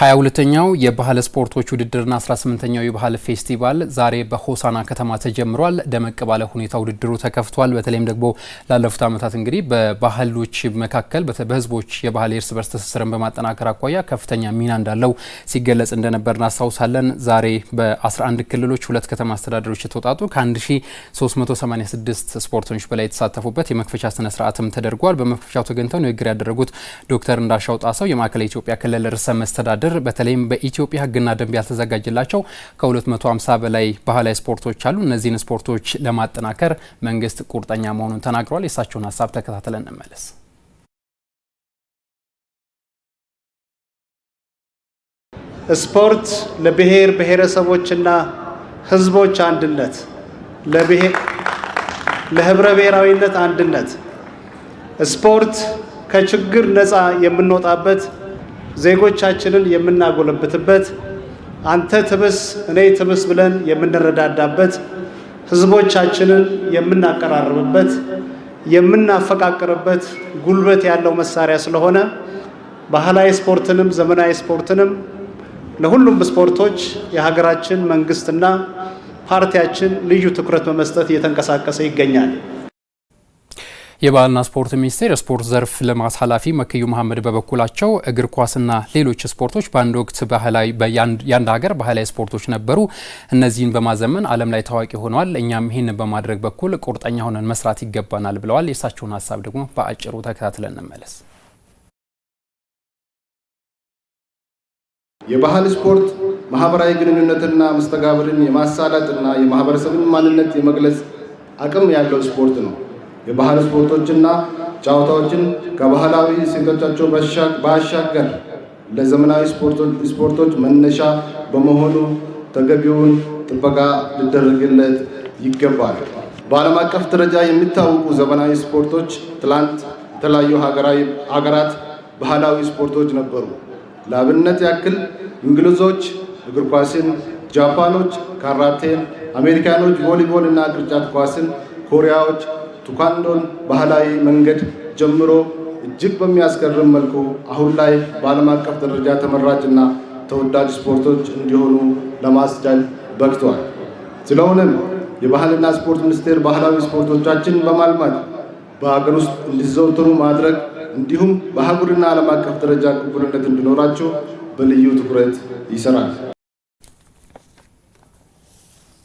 ሀያ ሁለተኛው የባህል ስፖርቶች ውድድርና አስራ ስምንተኛው የባህል ፌስቲቫል ዛሬ በሆሳና ከተማ ተጀምሯል። ደመቅ ባለ ሁኔታ ውድድሩ ተከፍቷል። በተለይም ደግሞ ላለፉት ዓመታት እንግዲህ በባህሎች መካከል በህዝቦች የባህል የእርስ በርስ ትስስርን በማጠናከር አኳያ ከፍተኛ ሚና እንዳለው ሲገለጽ እንደነበር እናስታውሳለን። ዛሬ በ11 ክልሎች ሁለት ከተማ አስተዳደሮች የተውጣጡ ከ1386 ስፖርተኞች በላይ የተሳተፉበት የመክፈቻ ስነ ስርዓትም ተደርጓል። በመክፈቻው ተገኝተው ንግግር ያደረጉት ዶክተር እንዳሻው ጣሰው የማዕከላዊ ኢትዮጵያ ክልል ርዕሰ መስተዳደር ውድድር በተለይም በኢትዮጵያ ህግና ደንብ ያልተዘጋጀላቸው ከ250 በላይ ባህላዊ ስፖርቶች አሉ። እነዚህን ስፖርቶች ለማጠናከር መንግስት ቁርጠኛ መሆኑን ተናግሯል። የእሳቸውን ሀሳብ ተከታትለን እንመለስ። ስፖርት ለብሔር ብሔረሰቦችና ህዝቦች አንድነት፣ ለህብረ ብሔራዊነት አንድነት ስፖርት ከችግር ነፃ የምንወጣበት ዜጎቻችንን የምናጎለብትበት አንተ ትብስ እኔ ትብስ ብለን የምንረዳዳበት ህዝቦቻችንን የምናቀራርብበት የምናፈቃቅርበት ጉልበት ያለው መሳሪያ ስለሆነ ባህላዊ ስፖርትንም ዘመናዊ ስፖርትንም ለሁሉም ስፖርቶች የሀገራችን መንግስትና ፓርቲያችን ልዩ ትኩረት በመስጠት እየተንቀሳቀሰ ይገኛል። የባህልና ስፖርት ሚኒስቴር የስፖርት ዘርፍ ልማት ኃላፊ መክዩ መሐመድ በበኩላቸው እግር ኳስና ሌሎች ስፖርቶች በአንድ ወቅት የአንድ ሀገር ባህላዊ ስፖርቶች ነበሩ። እነዚህን በማዘመን ዓለም ላይ ታዋቂ ሆነዋል። እኛም ይህን በማድረግ በኩል ቁርጠኛ ሆነን መስራት ይገባናል ብለዋል። የእሳቸውን ሀሳብ ደግሞ በአጭሩ ተከታትለን እንመለስ። የባህል ስፖርት ማህበራዊ ግንኙነትና መስተጋብርን የማሳለጥና የማህበረሰብን ማንነት የመግለጽ አቅም ያለው ስፖርት ነው። የባህል ስፖርቶችና ጨዋታዎችን ከባህላዊ እሴቶቻቸው ባሻገር ለዘመናዊ ስፖርቶች መነሻ በመሆኑ ተገቢውን ጥበቃ ሊደረግለት ይገባል። በዓለም አቀፍ ደረጃ የሚታወቁ ዘመናዊ ስፖርቶች ትላንት የተለያዩ ሀገራት ባህላዊ ስፖርቶች ነበሩ። ለአብነት ያክል እንግሊዞች እግር ኳስን፣ ጃፓኖች ካራቴን፣ አሜሪካኖች ቮሊቦል እና ቅርጫት ኳስን፣ ኮሪያዎች ቱኳንዶን ባህላዊ መንገድ ጀምሮ እጅግ በሚያስገርም መልኩ አሁን ላይ በዓለም አቀፍ ደረጃ ተመራጭና ተወዳጅ ስፖርቶች እንዲሆኑ ለማስቻል በቅቷል። ስለሆነም የባህልና ስፖርት ሚኒስቴር ባህላዊ ስፖርቶቻችን በማልማት በሀገር ውስጥ እንዲዘወትሩ ማድረግ እንዲሁም በአህጉርና ዓለም አቀፍ ደረጃ ቅቡልነት እንዲኖራቸው በልዩ ትኩረት ይሰራል።